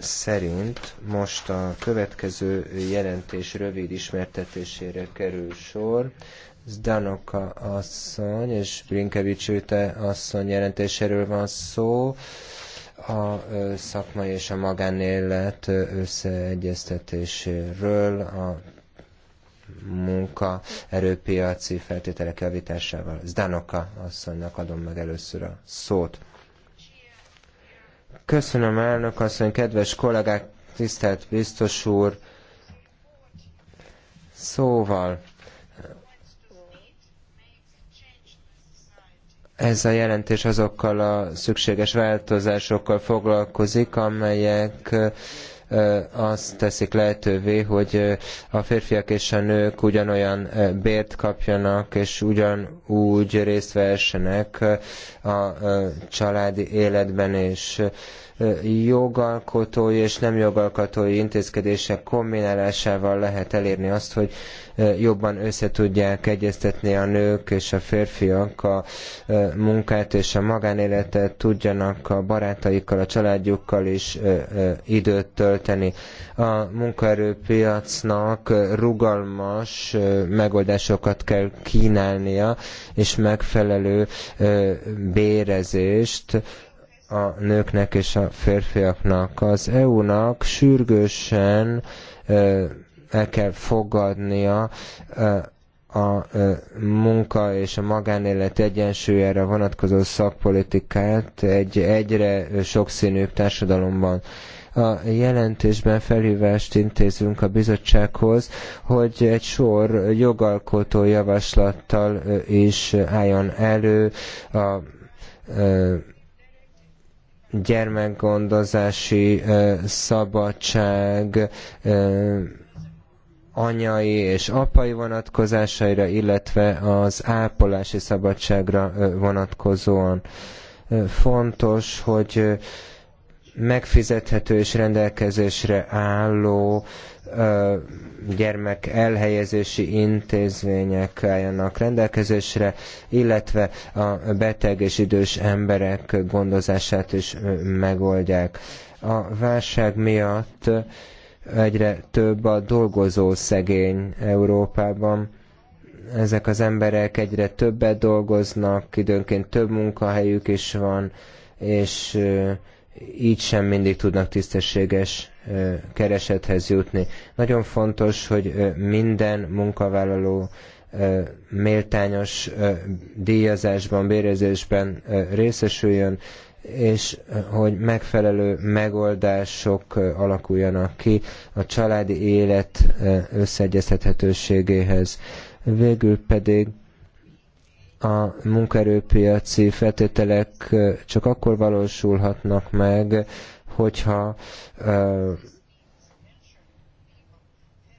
szerint most a következő jelentés rövid ismertetésére kerül sor. Zdanoka asszony és Brinkevics Üte asszony jelentéséről van szó. A szakmai és a magánélet összeegyeztetéséről a munka erőpiaci feltételek javításával. Zdanoka asszonynak adom meg először a szót. Köszönöm elnök asszony, kedves kollégák, tisztelt biztos úr. Szóval, ez a jelentés azokkal a szükséges változásokkal foglalkozik, amelyek azt teszik lehetővé, hogy a férfiak és a nők ugyanolyan bért kapjanak, és ugyanúgy részt vehessenek a családi életben, és jogalkotói és nem jogalkotói intézkedések kombinálásával lehet elérni azt, hogy jobban összetudják egyeztetni a nők és a férfiak a munkát és a magánéletet, tudjanak a barátaikkal, a családjukkal is időt tölteni. A munkaerőpiacnak rugalmas megoldásokat kell kínálnia, és megfelelő bérezést, a nőknek és a férfiaknak. Az EU-nak sürgősen el kell fogadnia a munka és a magánélet egyensúlyára vonatkozó szakpolitikát egy egyre sokszínűbb társadalomban. A jelentésben felhívást intézünk a bizottsághoz, hogy egy sor jogalkotó javaslattal is álljon elő a gyermekgondozási szabadság anyai és apai vonatkozásaira, illetve az ápolási szabadságra vonatkozóan. Fontos, hogy megfizethető és rendelkezésre álló gyermek elhelyezési intézmények álljanak rendelkezésre, illetve a beteg és idős emberek gondozását is megoldják. A válság miatt egyre több a dolgozó szegény Európában. Ezek az emberek egyre többet dolgoznak, időnként több munkahelyük is van, és így sem mindig tudnak tisztességes keresethez jutni. Nagyon fontos, hogy minden munkavállaló méltányos díjazásban, bérezésben részesüljön, és hogy megfelelő megoldások alakuljanak ki a családi élet összeegyeztethetőségéhez. Végül pedig a munkaerőpiaci feltételek csak akkor valósulhatnak meg, hogyha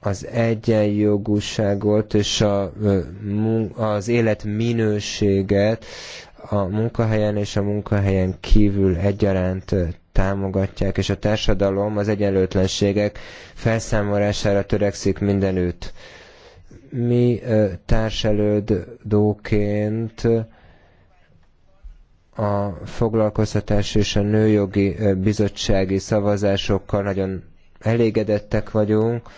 az egyenjogúságot és a, az életminőséget a munkahelyen és a munkahelyen kívül egyaránt támogatják, és a társadalom az egyenlőtlenségek felszámolására törekszik mindenütt mi társelődóként a foglalkoztatás és a nőjogi bizottsági szavazásokkal nagyon elégedettek vagyunk.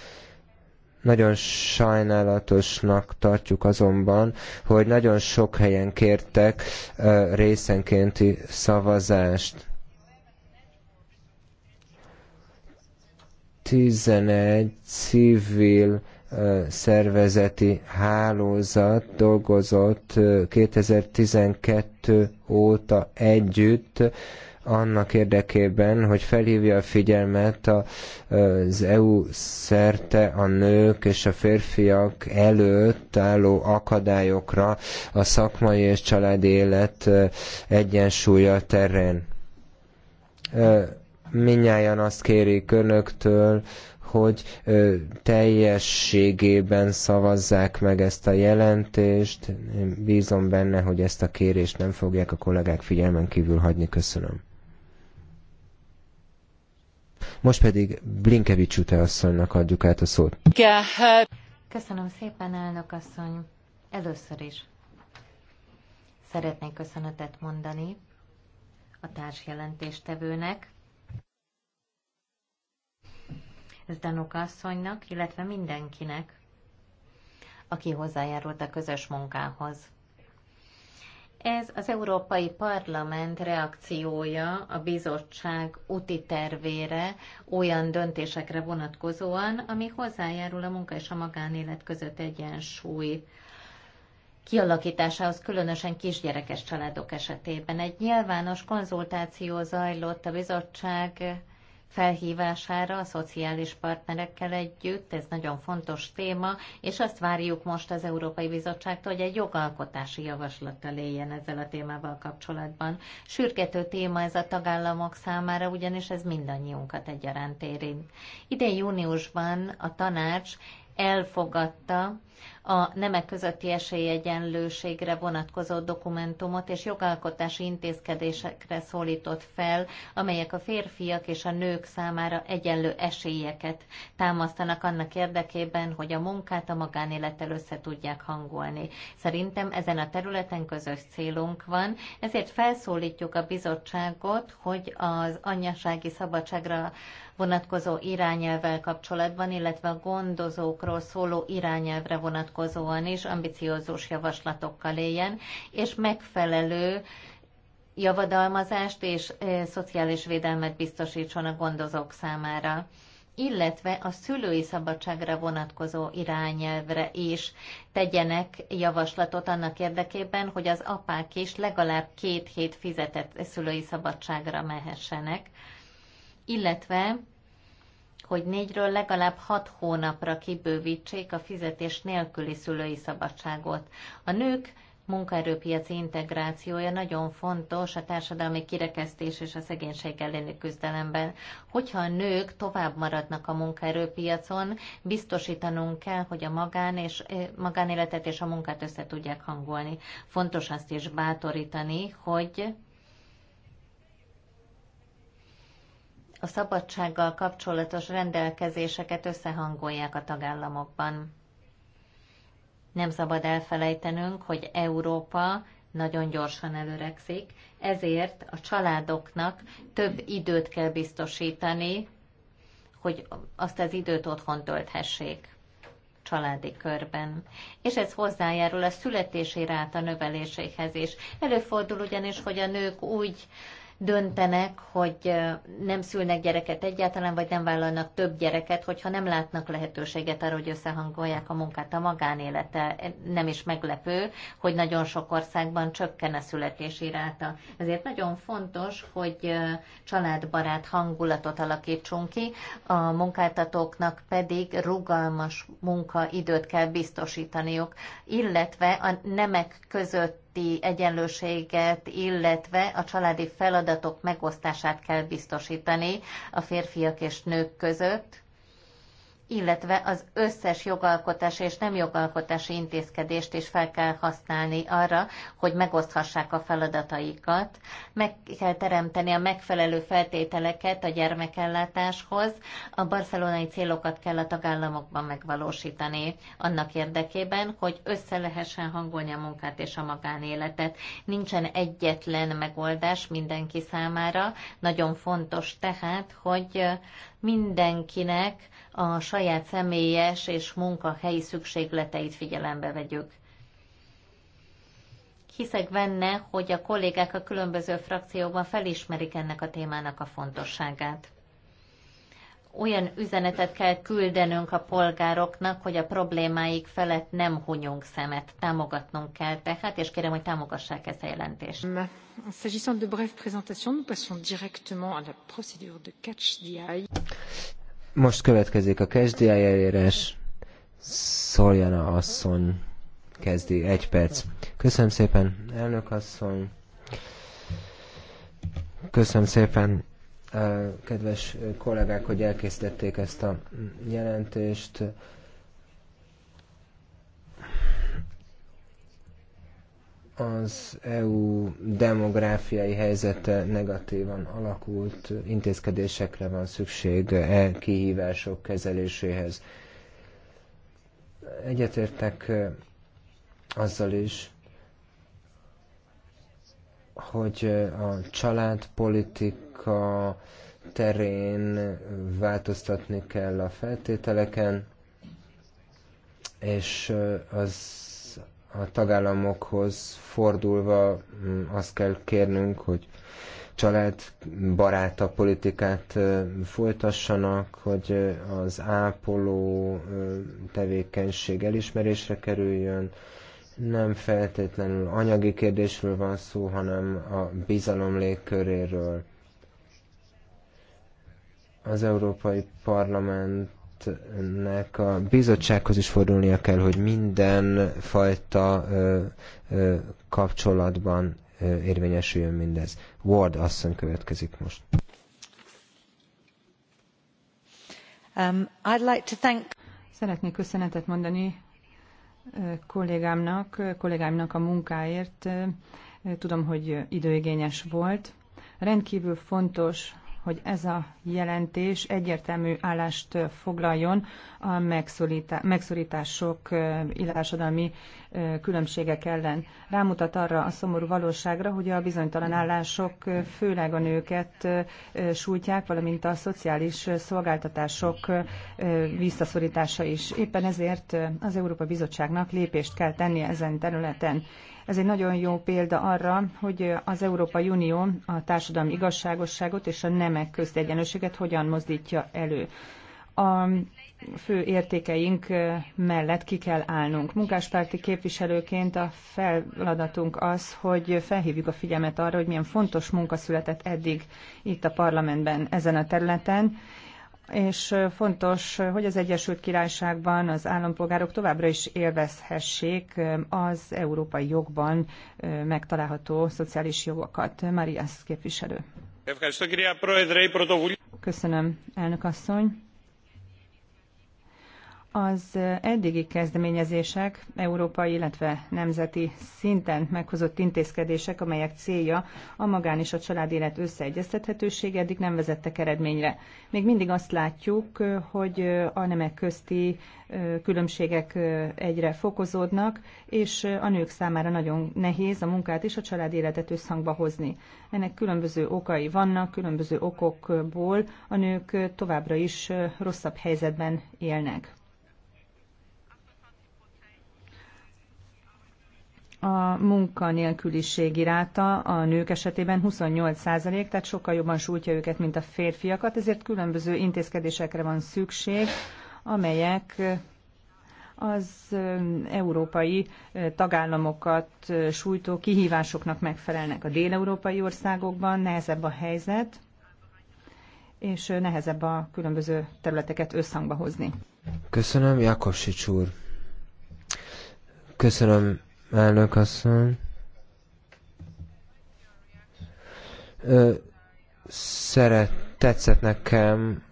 Nagyon sajnálatosnak tartjuk azonban, hogy nagyon sok helyen kértek részenkénti szavazást. 11 civil szervezeti hálózat dolgozott 2012 óta együtt annak érdekében, hogy felhívja a figyelmet az EU szerte a nők és a férfiak előtt álló akadályokra a szakmai és családi élet egyensúlya terén. Minnyáján azt kérik önöktől, hogy teljességében szavazzák meg ezt a jelentést. Én bízom benne, hogy ezt a kérést nem fogják a kollégák figyelmen kívül hagyni. Köszönöm. Most pedig Blinkevics Ute asszonynak adjuk át a szót. Köszönöm szépen, elnök asszony. Először is szeretnék köszönetet mondani a társjelentéstevőnek, Danuka asszonynak, illetve mindenkinek, aki hozzájárult a közös munkához. Ez az Európai Parlament reakciója a bizottság úti tervére olyan döntésekre vonatkozóan, ami hozzájárul a munka és a magánélet között egyensúly kialakításához, különösen kisgyerekes családok esetében. Egy nyilvános konzultáció zajlott a bizottság felhívására a szociális partnerekkel együtt. Ez nagyon fontos téma, és azt várjuk most az Európai Bizottságtól, hogy egy jogalkotási javaslattal éljen ezzel a témával kapcsolatban. Sürgető téma ez a tagállamok számára, ugyanis ez mindannyiunkat egyaránt érint. Idén júniusban a tanács elfogadta a nemek közötti esélyegyenlőségre vonatkozó dokumentumot és jogalkotási intézkedésekre szólított fel, amelyek a férfiak és a nők számára egyenlő esélyeket támasztanak annak érdekében, hogy a munkát a magánélettel össze tudják hangolni. Szerintem ezen a területen közös célunk van, ezért felszólítjuk a bizottságot, hogy az anyasági szabadságra vonatkozó irányelvvel kapcsolatban, illetve a gondozókról szóló irányelvre vonatkozóan is ambiciózus javaslatokkal éljen, és megfelelő javadalmazást és szociális védelmet biztosítson a gondozók számára illetve a szülői szabadságra vonatkozó irányelvre is tegyenek javaslatot annak érdekében, hogy az apák is legalább két hét fizetett szülői szabadságra mehessenek, illetve hogy négyről legalább hat hónapra kibővítsék a fizetés nélküli szülői szabadságot. A nők munkaerőpiaci integrációja nagyon fontos a társadalmi kirekesztés és a szegénység elleni küzdelemben. Hogyha a nők tovább maradnak a munkaerőpiacon, biztosítanunk kell, hogy a magán és, eh, magánéletet és a munkát össze tudják hangolni. Fontos azt is bátorítani, hogy a szabadsággal kapcsolatos rendelkezéseket összehangolják a tagállamokban. Nem szabad elfelejtenünk, hogy Európa nagyon gyorsan előrekszik, ezért a családoknak több időt kell biztosítani, hogy azt az időt otthon tölthessék családi körben. És ez hozzájárul a születési ráta növeléséhez is. Előfordul ugyanis, hogy a nők úgy döntenek, hogy nem szülnek gyereket egyáltalán, vagy nem vállalnak több gyereket, hogyha nem látnak lehetőséget arra, hogy összehangolják a munkát a magánélete. Nem is meglepő, hogy nagyon sok országban csökken a születési ráta. Ezért nagyon fontos, hogy családbarát hangulatot alakítsunk ki, a munkáltatóknak pedig rugalmas munkaidőt kell biztosítaniuk, illetve a nemek között közötti egyenlőséget, illetve a családi feladatok megosztását kell biztosítani a férfiak és nők között illetve az összes jogalkotási és nem jogalkotási intézkedést is fel kell használni arra, hogy megoszthassák a feladataikat. Meg kell teremteni a megfelelő feltételeket a gyermekellátáshoz, a barcelonai célokat kell a tagállamokban megvalósítani, annak érdekében, hogy össze lehessen hangolni a munkát és a magánéletet. Nincsen egyetlen megoldás mindenki számára, nagyon fontos tehát, hogy mindenkinek a saját személyes és munkahelyi szükségleteit figyelembe vegyük. Hiszek benne, hogy a kollégák a különböző frakciókban felismerik ennek a témának a fontosságát olyan üzenetet kell küldenünk a polgároknak, hogy a problémáik felett nem hunyunk szemet, támogatnunk kell tehát, és kérem, hogy támogassák ezt a jelentést. S'agissant de brève présentation, nous passons directement à la procédure de catch Most következik a catch the eye eljárás. Szóljana asszony kezdi, egy perc. Köszönöm szépen, elnök asszony. Köszönöm szépen, kedves kollégák, hogy elkészítették ezt a jelentést. Az EU demográfiai helyzete negatívan alakult, intézkedésekre van szükség e kihívások kezeléséhez. Egyetértek azzal is, hogy a családpolitik politika terén változtatni kell a feltételeken, és az a tagállamokhoz fordulva azt kell kérnünk, hogy család a politikát folytassanak, hogy az ápoló tevékenység elismerésre kerüljön. Nem feltétlenül anyagi kérdésről van szó, hanem a bizalom légköréről az Európai Parlamentnek a bizottsághoz is fordulnia kell, hogy minden fajta ö, ö, kapcsolatban ö, érvényesüljön mindez. Ward asszony következik most. Um, I'd like to thank... Szeretnék köszönetet mondani kollégámnak, kollégámnak a munkáért. Tudom, hogy időigényes volt. Rendkívül fontos hogy ez a jelentés egyértelmű állást foglaljon a megszorítások, illetve különbségek ellen. Rámutat arra a szomorú valóságra, hogy a bizonytalan állások főleg a nőket sújtják, valamint a szociális szolgáltatások visszaszorítása is. Éppen ezért az Európa Bizottságnak lépést kell tennie ezen területen. Ez egy nagyon jó példa arra, hogy az Európai Unió a társadalmi igazságosságot és a nemek közti egyenlőséget hogyan mozdítja elő a fő értékeink mellett ki kell állnunk. Munkáspárti képviselőként a feladatunk az, hogy felhívjuk a figyelmet arra, hogy milyen fontos munka született eddig itt a parlamentben ezen a területen, és fontos, hogy az Egyesült Királyságban az állampolgárok továbbra is élvezhessék az európai jogban megtalálható szociális jogokat. Marias képviselő. Köszönöm, elnök asszony. Az eddigi kezdeményezések, európai, illetve nemzeti szinten meghozott intézkedések, amelyek célja a magán és a család élet összeegyeztethetősége, eddig nem vezettek eredményre. Még mindig azt látjuk, hogy a nemek közti különbségek egyre fokozódnak, és a nők számára nagyon nehéz a munkát és a család életet összhangba hozni. Ennek különböző okai vannak, különböző okokból a nők továbbra is rosszabb helyzetben élnek a munkanélküliségi ráta a nők esetében 28 százalék, tehát sokkal jobban sújtja őket, mint a férfiakat, ezért különböző intézkedésekre van szükség, amelyek az európai tagállamokat sújtó kihívásoknak megfelelnek. A déleurópai országokban nehezebb a helyzet, és nehezebb a különböző területeket összhangba hozni. Köszönöm, Jakobsics úr. Köszönöm, Elnök asszony. Ö, szeret, tetszett nekem,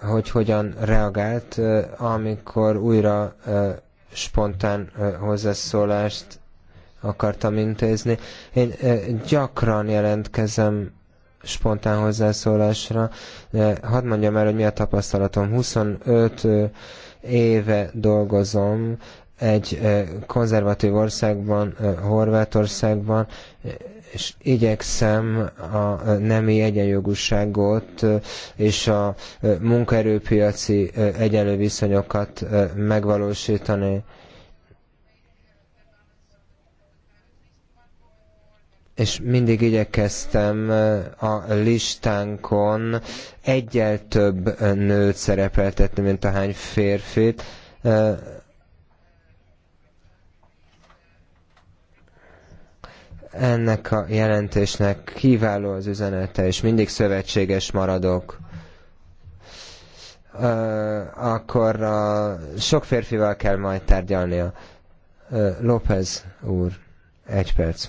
hogy hogyan reagált, amikor újra spontán hozzászólást akartam intézni. Én gyakran jelentkezem spontán hozzászólásra. Hadd mondjam el, hogy mi a tapasztalatom. 25 éve dolgozom egy konzervatív országban, Horvátországban, és igyekszem a nemi egyenjogúságot és a munkaerőpiaci egyenlő viszonyokat megvalósítani. és mindig igyekeztem a listánkon egyel több nőt szerepeltetni, mint ahány férfit Ennek a jelentésnek kiváló az üzenete, és mindig szövetséges maradok akkor a sok férfival kell majd tárgyalnia. López úr, egy perc.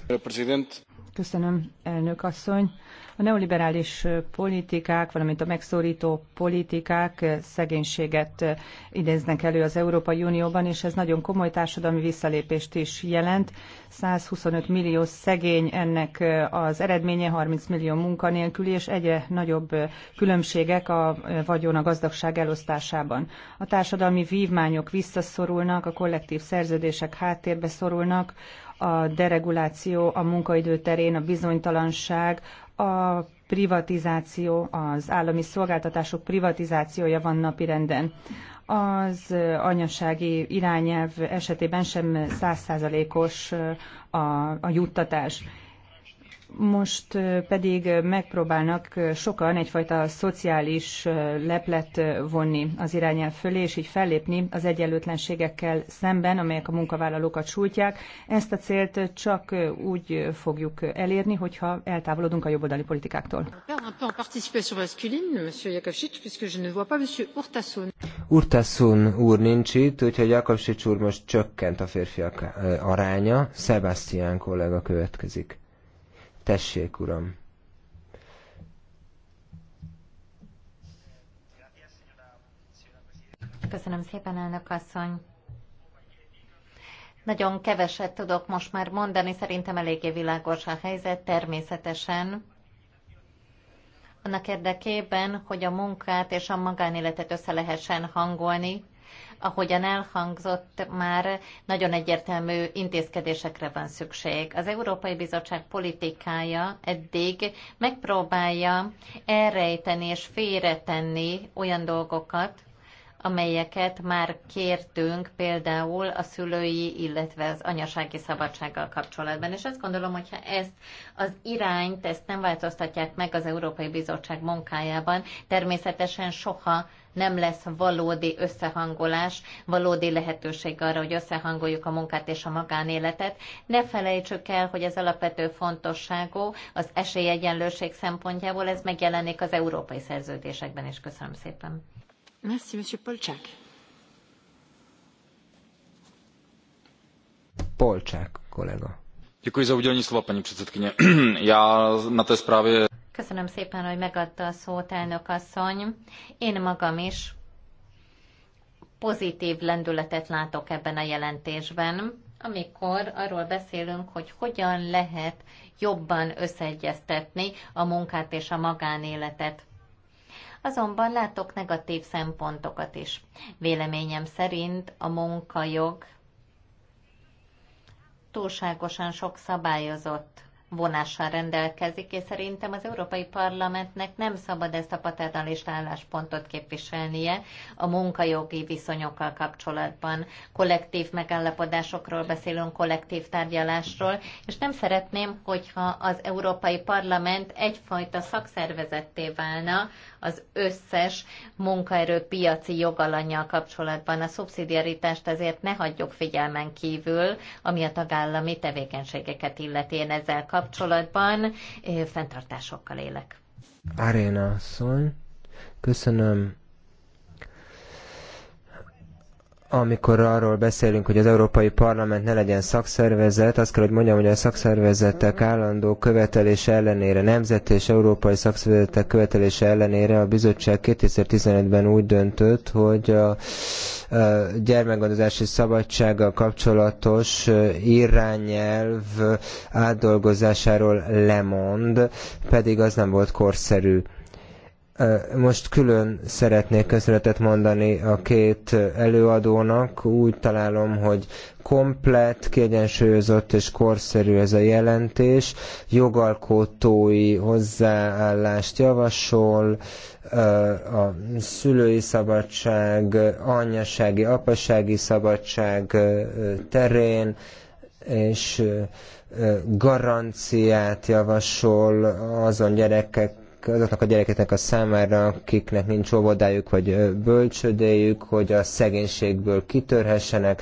Köszönöm, elnök asszony. A neoliberális politikák, valamint a megszorító politikák szegénységet idéznek elő az Európai Unióban, és ez nagyon komoly társadalmi visszalépést is jelent. 125 millió szegény ennek az eredménye, 30 millió munkanélküli, és egyre nagyobb különbségek a vagyon a gazdagság elosztásában. A társadalmi vívmányok visszaszorulnak, a kollektív szerződések háttérbe szorulnak, a dereguláció a munkaidő terén, a bizonytalanság, a privatizáció, az állami szolgáltatások privatizációja van napirenden. Az anyasági irányelv esetében sem százszázalékos a, a juttatás most pedig megpróbálnak sokan egyfajta szociális leplet vonni az irányel fölé, és így fellépni az egyenlőtlenségekkel szemben, amelyek a munkavállalókat sújtják. Ezt a célt csak úgy fogjuk elérni, hogyha eltávolodunk a jobboldali politikáktól. Urtasun úr nincs itt, úgyhogy Jakovsics úr most csökkent a férfiak aránya. Sebastian kollega következik. Tessék, uram! Köszönöm szépen, elnök asszony! Nagyon keveset tudok most már mondani, szerintem eléggé világos a helyzet, természetesen. Annak érdekében, hogy a munkát és a magánéletet össze lehessen hangolni, ahogyan elhangzott, már nagyon egyértelmű intézkedésekre van szükség. Az Európai Bizottság politikája eddig megpróbálja elrejteni és félretenni olyan dolgokat, amelyeket már kértünk például a szülői, illetve az anyasági szabadsággal kapcsolatban. És azt gondolom, hogyha ezt az irányt, ezt nem változtatják meg az Európai Bizottság munkájában, természetesen soha nem lesz valódi összehangolás, valódi lehetőség arra, hogy összehangoljuk a munkát és a magánéletet. Ne felejtsük el, hogy az alapvető fontosságú az esélyegyenlőség szempontjából ez megjelenik az európai szerződésekben is. Köszönöm szépen. Merci, Monsieur Polcsák. Polcsák kollega. Děkuji za udělení slova, paní předsedkyně. Já na té zprávě Köszönöm szépen, hogy megadta a szót, elnök asszony. Én magam is pozitív lendületet látok ebben a jelentésben, amikor arról beszélünk, hogy hogyan lehet jobban összeegyeztetni a munkát és a magánéletet. Azonban látok negatív szempontokat is. Véleményem szerint a munkajog túlságosan sok szabályozott vonással rendelkezik, és szerintem az Európai Parlamentnek nem szabad ezt a paternalist álláspontot képviselnie a munkajogi viszonyokkal kapcsolatban. Kollektív megállapodásokról beszélünk, kollektív tárgyalásról, és nem szeretném, hogyha az Európai Parlament egyfajta szakszervezetté válna, az összes munkaerőpiaci jogalanyjal kapcsolatban. A szubszidiaritást azért ne hagyjuk figyelmen kívül, ami a tagállami tevékenységeket illeti. Én ezzel kapcsolatban fenntartásokkal élek. Aréna asszony, köszönöm amikor arról beszélünk, hogy az Európai Parlament ne legyen szakszervezet, azt kell, hogy mondjam, hogy a szakszervezetek állandó követelése ellenére, nemzeti és európai szakszervezetek követelése ellenére a bizottság 2015-ben úgy döntött, hogy a gyermekgondozási szabadsággal kapcsolatos irányelv átdolgozásáról lemond, pedig az nem volt korszerű. Most külön szeretnék köszönetet mondani a két előadónak. Úgy találom, hogy komplett, kiegyensúlyozott és korszerű ez a jelentés. Jogalkotói hozzáállást javasol, a szülői szabadság, anyasági, apasági szabadság terén, és garanciát javasol azon gyerekek azoknak a gyerekeknek a számára, akiknek nincs óvodájuk vagy bölcsödéjük, hogy a szegénységből kitörhessenek,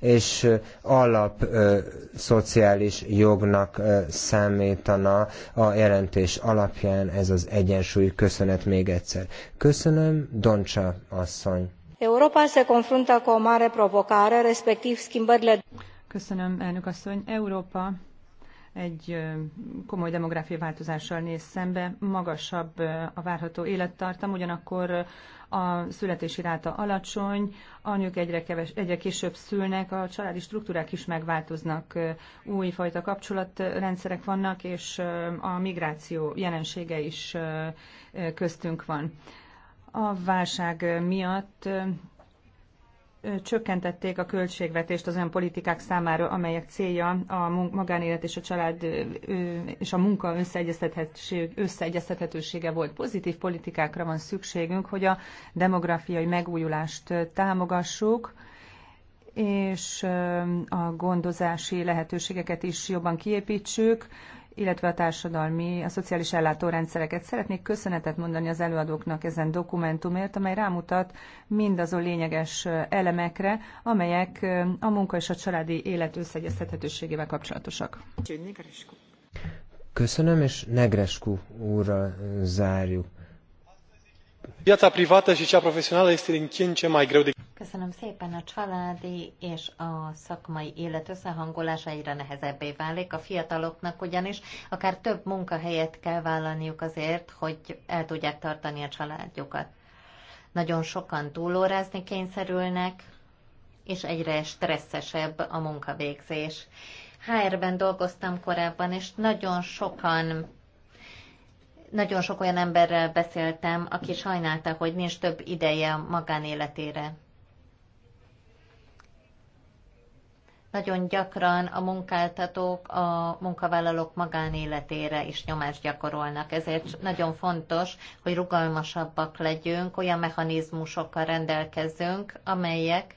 és alap ö, szociális jognak ö, számítana a jelentés alapján ez az egyensúly. Köszönet még egyszer. Köszönöm, Doncsa asszony. Európa se confruntă cu o mare provocare, respectiv schimbările... Köszönöm, elnök asszony. Európa egy komoly demográfiai változással néz szembe, magasabb a várható élettartam, ugyanakkor a születési ráta alacsony, a nők egyre, keves, egyre később szülnek, a családi struktúrák is megváltoznak, újfajta kapcsolatrendszerek vannak, és a migráció jelensége is köztünk van. A válság miatt csökkentették a költségvetést az olyan politikák számára, amelyek célja a magánélet és a család és a munka összeegyeztethetősége volt. Pozitív politikákra van szükségünk, hogy a demográfiai megújulást támogassuk, és a gondozási lehetőségeket is jobban kiépítsük, illetve a társadalmi, a szociális ellátórendszereket. Szeretnék köszönetet mondani az előadóknak ezen dokumentumért, amely rámutat mindazon lényeges elemekre, amelyek a munka és a családi élet összeegyeztethetőségével kapcsolatosak. Köszönöm, és Negrescu úrral zárjuk Viața privată și cea profesională este din ce în ce mai greu de... Köszönöm szépen, a családi és a szakmai élet összehangolása egyre nehezebbé válik. A fiataloknak ugyanis akár több munkahelyet kell vállalniuk azért, hogy el tudják tartani a családjukat. Nagyon sokan túlórázni kényszerülnek, és egyre stresszesebb a munkavégzés. HR-ben dolgoztam korábban, és nagyon sokan nagyon sok olyan emberrel beszéltem, aki sajnálta, hogy nincs több ideje a magánéletére. Nagyon gyakran a munkáltatók a munkavállalók magánéletére is nyomást gyakorolnak, ezért nagyon fontos, hogy rugalmasabbak legyünk, olyan mechanizmusokkal rendelkezzünk, amelyek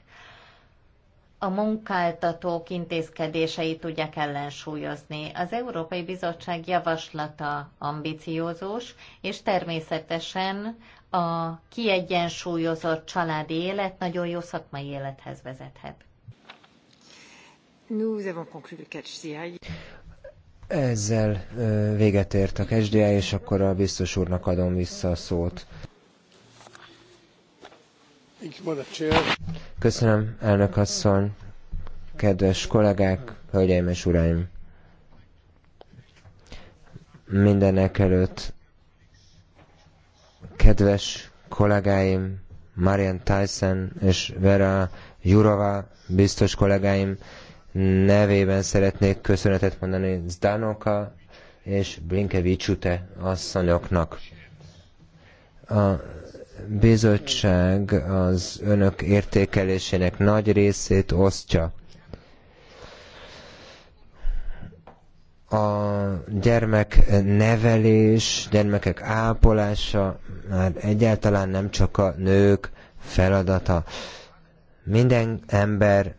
a munkáltatók intézkedéseit tudják ellensúlyozni. Az Európai Bizottság javaslata ambiciózus, és természetesen a kiegyensúlyozott családi élet nagyon jó szakmai élethez vezethet. Nous avons conclu le Ezzel véget ért a KSDI, és akkor a biztos úrnak adom vissza a szót. Thank you, Köszönöm, elnök asszony, kedves kollégák, hölgyeim és uraim. Mindenek előtt kedves kollégáim, Marian Tyson és Vera Jurova biztos kollégáim nevében szeretnék köszönetet mondani Zdanoka és Blinkevicsute asszonyoknak. A bizottság az önök értékelésének nagy részét osztja. A gyermeknevelés, gyermekek ápolása már egyáltalán nem csak a nők feladata. Minden ember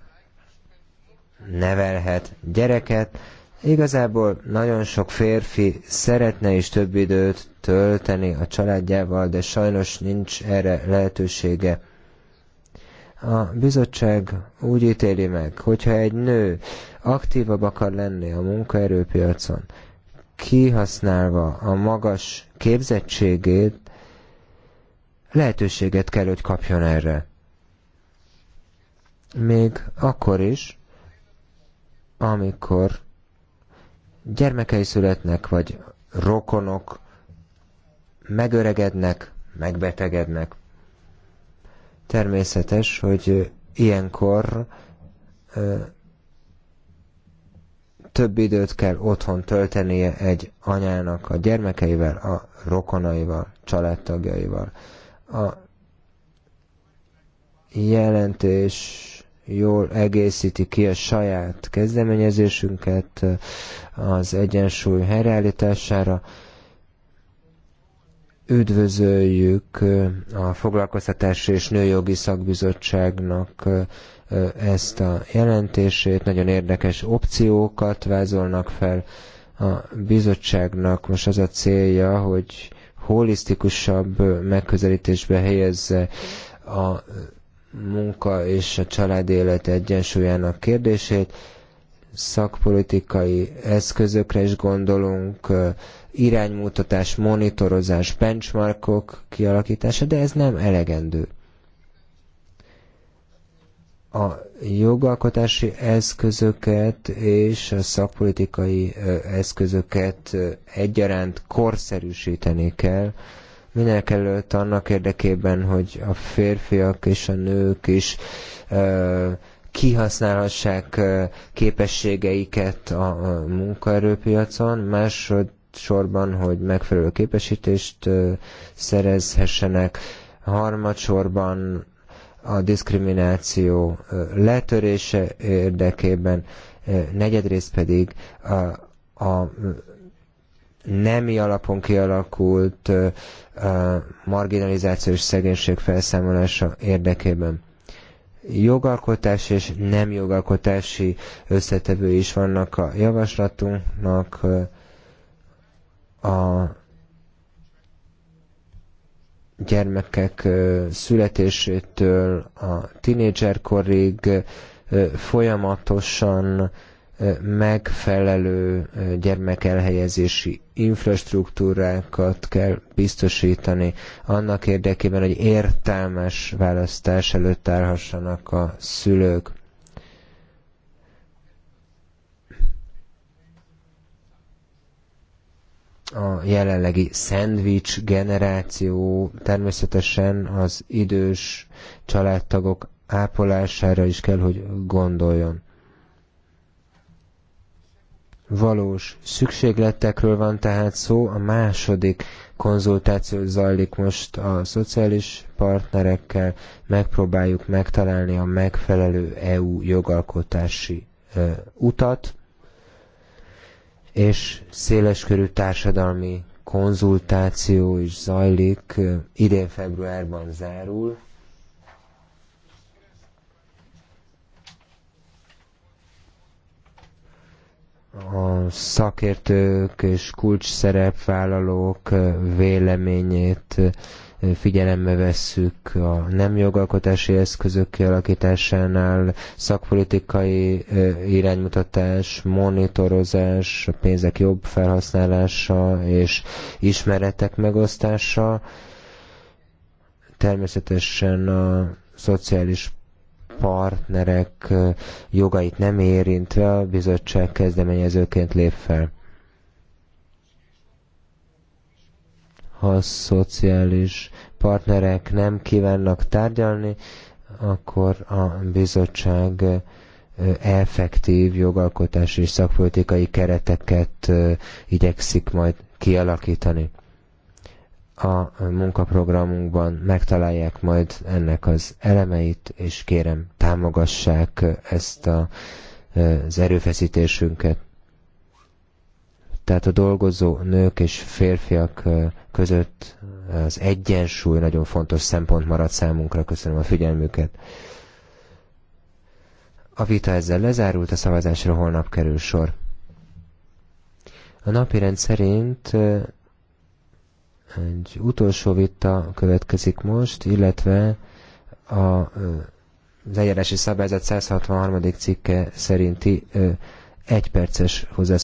nevelhet gyereket, Igazából nagyon sok férfi szeretne is több időt tölteni a családjával, de sajnos nincs erre lehetősége. A bizottság úgy ítéli meg, hogyha egy nő aktívabb akar lenni a munkaerőpiacon, kihasználva a magas képzettségét, lehetőséget kell, hogy kapjon erre. Még akkor is, amikor Gyermekei születnek, vagy rokonok megöregednek, megbetegednek. Természetes, hogy ilyenkor több időt kell otthon töltenie egy anyának a gyermekeivel, a rokonaival, családtagjaival. A jelentés jól egészíti ki a saját kezdeményezésünket az egyensúly helyreállítására. Üdvözöljük a Foglalkoztatási és Nőjogi Szakbizottságnak ezt a jelentését, nagyon érdekes opciókat vázolnak fel a bizottságnak. Most az a célja, hogy holisztikusabb megközelítésbe helyezze a munka és a család élet egyensúlyának kérdését, szakpolitikai eszközökre is gondolunk, iránymutatás, monitorozás, benchmarkok kialakítása, de ez nem elegendő. A jogalkotási eszközöket és a szakpolitikai eszközöket egyaránt korszerűsíteni kell, minek előtt annak érdekében, hogy a férfiak és a nők is kihasználhassák képességeiket a munkaerőpiacon, másodszorban, hogy megfelelő képesítést szerezhessenek, harmadsorban a diszkrimináció letörése érdekében, negyedrészt pedig a, a nemi alapon kialakult marginalizációs szegénység felszámolása érdekében jogalkotás és nem jogalkotási összetevői is vannak a javaslatunknak. A gyermekek születésétől a tinédzserkorig folyamatosan megfelelő gyermekelhelyezési infrastruktúrákat kell biztosítani annak érdekében, hogy értelmes választás előtt állhassanak a szülők. a jelenlegi szendvics generáció természetesen az idős családtagok ápolására is kell, hogy gondoljon valós szükségletekről van tehát szó. A második konzultáció zajlik most a szociális partnerekkel, megpróbáljuk megtalálni a megfelelő EU jogalkotási ö, utat, és széleskörű társadalmi konzultáció is zajlik, idén februárban zárul. a szakértők és kulcsszerepvállalók véleményét figyelembe vesszük a nem jogalkotási eszközök kialakításánál, szakpolitikai iránymutatás, monitorozás, a pénzek jobb felhasználása és ismeretek megosztása. Természetesen a szociális partnerek jogait nem érintve a bizottság kezdeményezőként lép fel. Ha a szociális partnerek nem kívánnak tárgyalni, akkor a bizottság effektív jogalkotási és szakpolitikai kereteket igyekszik majd kialakítani a munkaprogramunkban megtalálják majd ennek az elemeit, és kérem támogassák ezt a, az erőfeszítésünket. Tehát a dolgozó nők és férfiak között az egyensúly nagyon fontos szempont marad számunkra. Köszönöm a figyelmüket. A vita ezzel lezárult, a szavazásra holnap kerül sor. A napirend szerint egy utolsó vita következik most, illetve a, az eljárási szabályzat 163. cikke szerinti egyperces hozzászólás.